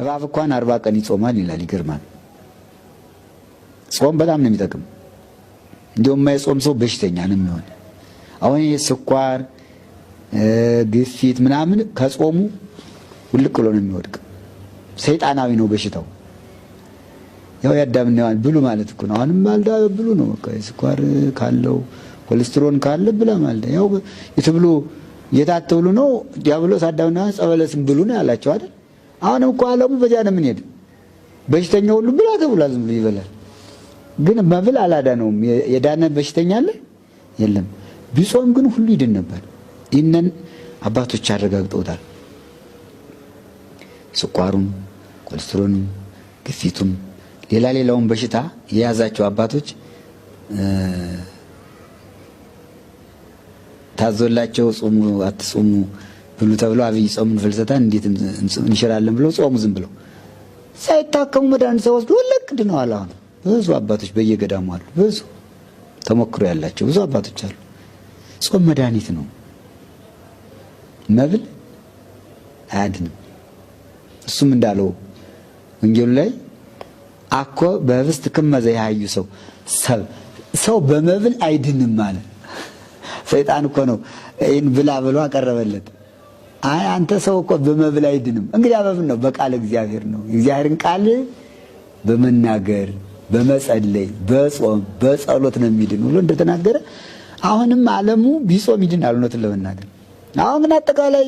እባብ እንኳን አርባ ቀን ይጾማል ይላል። ይገርማል። ጾም በጣም ነው የሚጠቅም። እንዲሁም የማይጾም ሰው በሽተኛ ነው የሚሆን። አሁን ስኳር፣ ግፊት ምናምን ከጾሙ ውልቅ ብሎ ነው የሚወድቅ። ሰይጣናዊ ነው በሽታው። ያው ያዳምና ሔዋን ብሉ ማለት እኮ ነው። አሁንም ማልዳ ብሉ ነው በቃ። ስኳር ካለው ኮሌስትሮን ካለ ብላ ማልዳ። ያው የትብሉ የታት ነው ዲያብሎስ አዳምና ሔዋን ጸበለስን ብሉ ነው ያላቸው አይደል? አሁንም እኮ ዓለሙ በዚያ ነው የምንሄድ። በሽተኛ ሁሉ ብላ ተብሏል፣ ዝም ብሎ ይበላል። ግን መብል አላዳነውም። የዳነ በሽተኛ አለ የለም። ቢጾም ግን ሁሉ ይድን ነበር። ይህንን አባቶች አረጋግጠውታል። ስኳሩም፣ ኮሌስትሮንም፣ ግፊቱም ሌላ ሌላውን በሽታ የያዛቸው አባቶች ታዞላቸው ጾሙ አትጾሙ ሁሉ ተብሎ አብይ ጾምን ፍልሰታ እንዴት እንሽራለን ብለው ጾሙ ዝም ብለው ሳይታከሙ መድኃኒት ወስዶ ልክ ድነዋል። አሁን ብዙ አባቶች በየገዳሙ አሉ። ብዙ ተሞክሮ ያላቸው ብዙ አባቶች አሉ። ጾም መድኃኒት ነው። መብል አያድንም። እሱም እንዳለው ወንጌሉ ላይ አኮ በህብስት ክመዘ ያዩ ሰው ሰብ ሰው በመብል አይድንም አለ። ሰይጣን እኮ ነው ይህን ብላ ብሎ አቀረበለት። አይ አንተ ሰው እኮ በመብል አይድንም። እንግዲህ በምን ነው? በቃል እግዚአብሔር ነው። እግዚአብሔርን ቃል በመናገር በመጸለይ፣ በጾም፣ በጸሎት ነው የሚድን ብሎ እንደተናገረ አሁንም ዓለሙ ቢጾም ይድናል። እውነትን ለመናገር አሁን ግን አጠቃላይ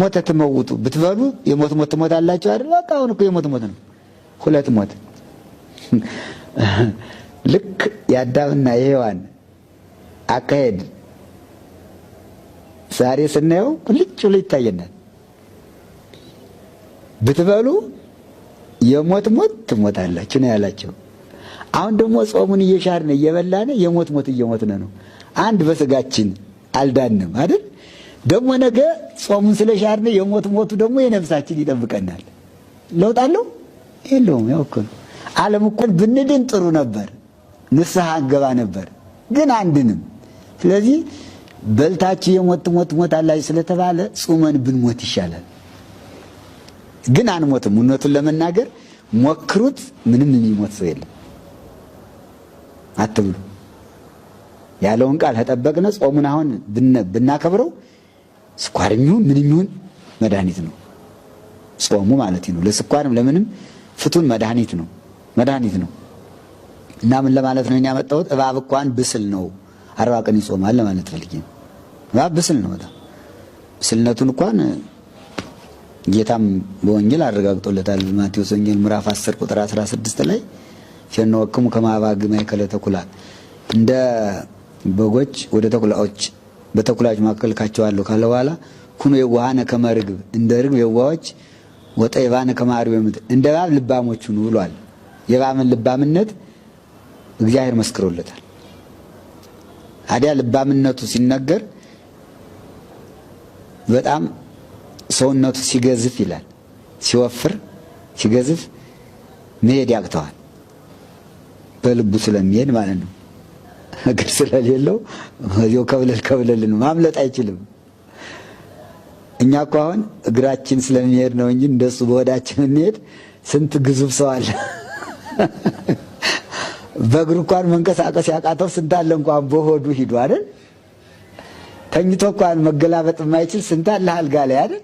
ሞተ ትመውጡ ብትበሉ የሞት ሞት ሞት አላቸው አይደል? በቃ አሁን እኮ የሞት ሞት ነው። ሁለት ሞት ልክ የአዳምና የሔዋን አካሄድ ዛሬ ስናየው ልጭ ብሎ ይታየናል። ብትበሉ የሞት ሞት ትሞታላችሁ ነው ያላቸው። አሁን ደግሞ ጾሙን እየሻርን እየበላን የሞት ሞት እየሞትን ነው። አንድ በስጋችን አልዳንም አይደል? ደግሞ ነገ ጾሙን ስለሻርን የሞት ሞቱ ደግሞ የነፍሳችን ይጠብቀናል። ለውጥ አለው የለውም? ያው እኮ ነው። ዓለም እኮ ብንድን ጥሩ ነበር፣ ንስሐ እንገባ ነበር፣ ግን አንድንም። ስለዚህ በልታችሁ የሞት ሞት ሞት አላችሁ ስለተባለ ጾመን ብንሞት ይሻላል። ግን አንሞትም። እውነቱን ለመናገር ሞክሩት፣ ምንም የሚሞት ሰው የለም። አትብሉ ያለውን ቃል ተጠበቅነ ጾሙን አሁን ብናከብረው ስኳር ይሁን ይሁን መድኃኒት ነው ጾሙ ማለት ነው። ለስኳርም ለምንም ፍቱን መድኃኒት ነው መድኃኒት ነው እና ምን ለማለት ነው ያመጣሁት እባብ እንኳን ብስል ነው። አርባ ቀን ይጾማል ለማለት ፈልጌ ነው። ብስል ነው በጣም ብስልነቱን እንኳን ጌታም በወንጌል አረጋግጦለታል። ማቴዎስ ወንጌል ምዕራፍ 10 ቁጥር 16 ላይ ፌኖክሙ ከመ አባግዕ ማእከለ ተኩላት እንደ በጎች ወደ ተኩላዎች በተኩላዎች መካከል ካቸዋለሁ ካለ በኋላ ኩኑ የዋሃነ ከመ ርግብ እንደ ርግብ የዋዎች ወጠዕባነ ከመ አርዌ ምድር እንደ ባብ ልባሞች ሁኑ ብሏል። የእባብን ልባምነት እግዚአብሔር መስክሮለታል። አዲያ ልባምነቱ ሲነገር በጣም ሰውነቱ ሲገዝፍ ይላል ሲወፍር ሲገዝፍ መሄድ ያቅተዋል። በልቡ ስለሚሄድ ማለት ነው። እግር ስለሌለው ከብለል ከብለል ነው ማምለጥ አይችልም። እኛ እኮ አሁን እግራችን ስለሚሄድ ነው እንጂ እንደሱ በወዳችን እንሄድ ስንት ግዙፍ ሰው አለ። በእግር እንኳን መንቀሳቀስ ያቃተው ስንታለ እንኳን በሆዱ ሂዱ አይደል? ተኝቶ እንኳን መገላበጥ የማይችል ስንታለ አልጋ ላይ አይደል?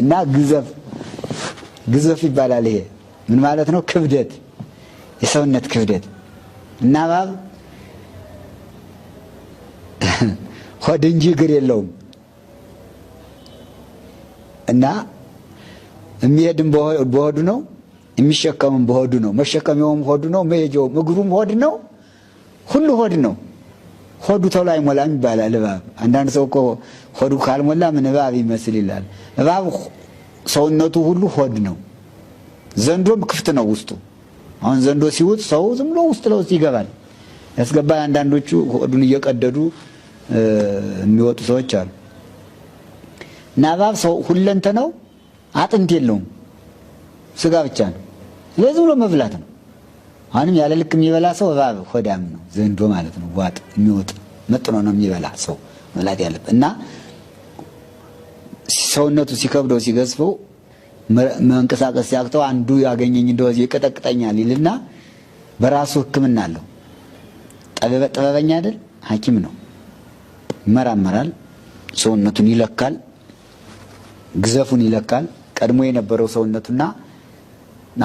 እና ግዘፍ ግዘፍ ይባላል። ይሄ ምን ማለት ነው? ክብደት፣ የሰውነት ክብደት እና እባብ ሆድ እንጂ እግር የለውም እና የሚሄድም በሆዱ ነው የሚሸከምም በሆዱ ነው። መሸከሚያውም ሆዱ ነው። መሄጃውም እግሩም ሆድ ነው። ሁሉ ሆድ ነው። ሆዱ ተብሎ አይሞላም ይባላል። እባብ አንዳንድ ሰው እኮ ሆዱ ካልሞላ ምን እባብ ይመስል ይላል። እባብ ሰውነቱ ሁሉ ሆድ ነው። ዘንዶም ክፍት ነው ውስጡ። አሁን ዘንዶ ሲውጥ ሰው ዝም ብሎ ውስጥ ለውስጥ ይገባል ያስገባል። አንዳንዶቹ ሆዱን እየቀደዱ የሚወጡ ሰዎች አሉ። እና እባብ ሰው ሁለንተ ነው፣ አጥንት የለውም፣ ስጋ ብቻ ነው። ለዝም ብሎ መብላት ነው። አሁንም ያለ ልክ የሚበላ ሰው እባብ ሆዳም ነው፣ ዘንዶ ማለት ነው። ዋጥ የሚወጥ መጥኖ ነው የሚበላ ሰው መብላት ያለበት እና ሰውነቱ ሲከብደው ሲገዝፈው መንቀሳቀስ ሲያቅተው አንዱ ያገኘኝ እንደወዚ ይቀጠቅጠኛል ይልና በራሱ ሕክምና አለው። ጠበበኛ አይደል ሐኪም ነው። ይመራመራል፣ ሰውነቱን ይለካል፣ ግዘፉን ይለካል። ቀድሞ የነበረው ሰውነቱና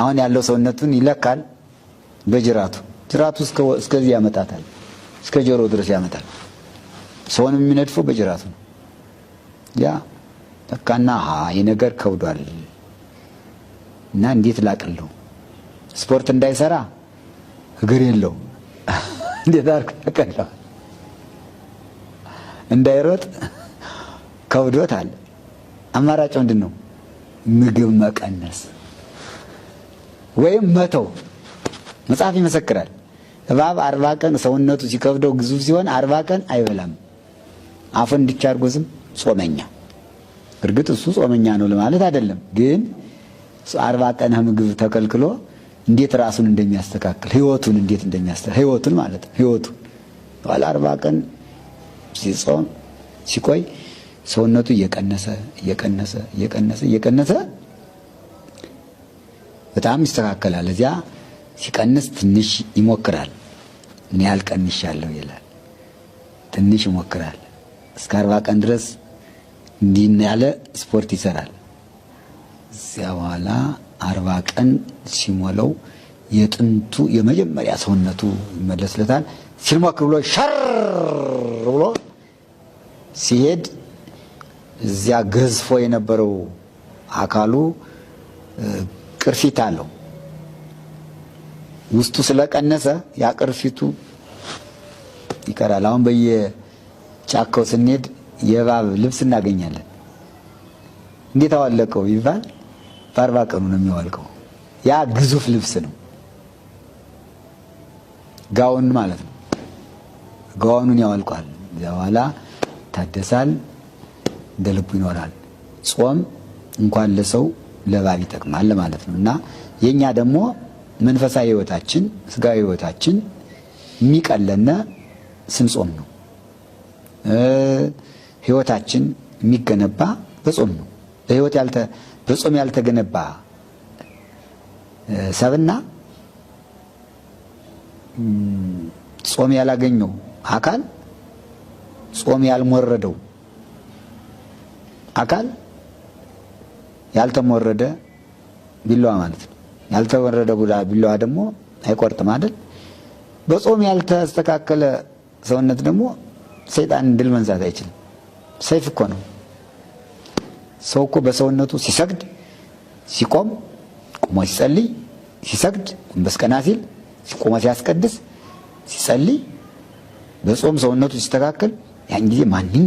አሁን ያለው ሰውነቱን ይለካል በጅራቱ። ጅራቱ እስከዚህ ያመጣታል፣ እስከ ጆሮ ድረስ ያመጣል። ሰውንም የሚነድፈው በጅራቱ ነው። ያ በቃና ሀ የነገር ከብዷል እና እንዴት ላቅለው? ስፖርት እንዳይሰራ እግር የለው እንዴት አርክ ያቀለዋል? እንዳይሮጥ ከብዶታል። አማራጭ ምንድን ነው? ምግብ መቀነስ ወይም መተው መጽሐፍ ይመሰክራል። እባብ አርባ ቀን ሰውነቱ ሲከብደው ግዙፍ ሲሆን አርባ ቀን አይበላም። አፉን ብቻ አድርጎ ዝም ጾመኛ። እርግጥ እሱ ጾመኛ ነው ለማለት አይደለም፣ ግን አርባ ቀን ምግብ ተከልክሎ እንዴት ራሱን እንደሚያስተካክል ህይወቱን እንዴት እንደሚያስተካክል ህይወቱን ማለት ነው። ህይወቱ ኋላ አርባ ቀን ሲጾም ሲቆይ ሰውነቱ እየቀነሰ እየቀነሰ እየቀነሰ እየቀነሰ በጣም ይስተካከላል። እዚያ ሲቀንስ ትንሽ ይሞክራል። ምን ያህል ቀንሻለሁ ይላል። ትንሽ ይሞክራል። እስከ አርባ ቀን ድረስ እንዲህ ያለ ስፖርት ይሰራል። እዚያ በኋላ አርባ ቀን ሲሞላው የጥንቱ የመጀመሪያ ሰውነቱ ይመለስለታል። ሲልሞክር ብሎ ሸር ብሎ ሲሄድ እዚያ ገዝፎ የነበረው አካሉ ቅርፊት አለው። ውስጡ ስለቀነሰ ያ ቅርፊቱ ይቀራል። አሁን በየጫካው ስንሄድ የእባብ ልብስ እናገኛለን። እንዴት አዋለቀው ይባል በአርባ ቀኑ ነው የሚያዋልቀው። ያ ግዙፍ ልብስ ነው፣ ጋውን ማለት ነው። ጋውኑን ያዋልቋል። እዚያ በኋላ ይታደሳል፣ እንደ ልቡ ይኖራል። ጾም እንኳን ለሰው ለእባብ ይጠቅማል ማለት ነው እና የእኛ ደግሞ መንፈሳዊ ህይወታችን፣ ስጋዊ ህይወታችን የሚቀለነ ስንጾም ነው። ህይወታችን የሚገነባ በጾም ነው። በህይወት ያልተ በጾም ያልተገነባ ሰብና ጾም ያላገኘው አካል ጾም ያልሞረደው አካል ያልተሞረደ ቢላዋ ማለት ነው። ያልተወረደ ቡዳ ቢላዋ ደግሞ አይቆርጥም አይደል? በጾም ያልተስተካከለ ሰውነት ደግሞ ሰይጣን ድል መንዛት አይችልም። ሰይፍ እኮ ነው። ሰው እኮ በሰውነቱ ሲሰግድ፣ ሲቆም፣ ቁሞ ሲጸልይ፣ ሲሰግድ ጎንበስ ቀና ሲል፣ ቁሞ ሲያስቀድስ፣ ሲጸልይ፣ በጾም ሰውነቱ ሲስተካከል ያን ጊዜ ማንኛውም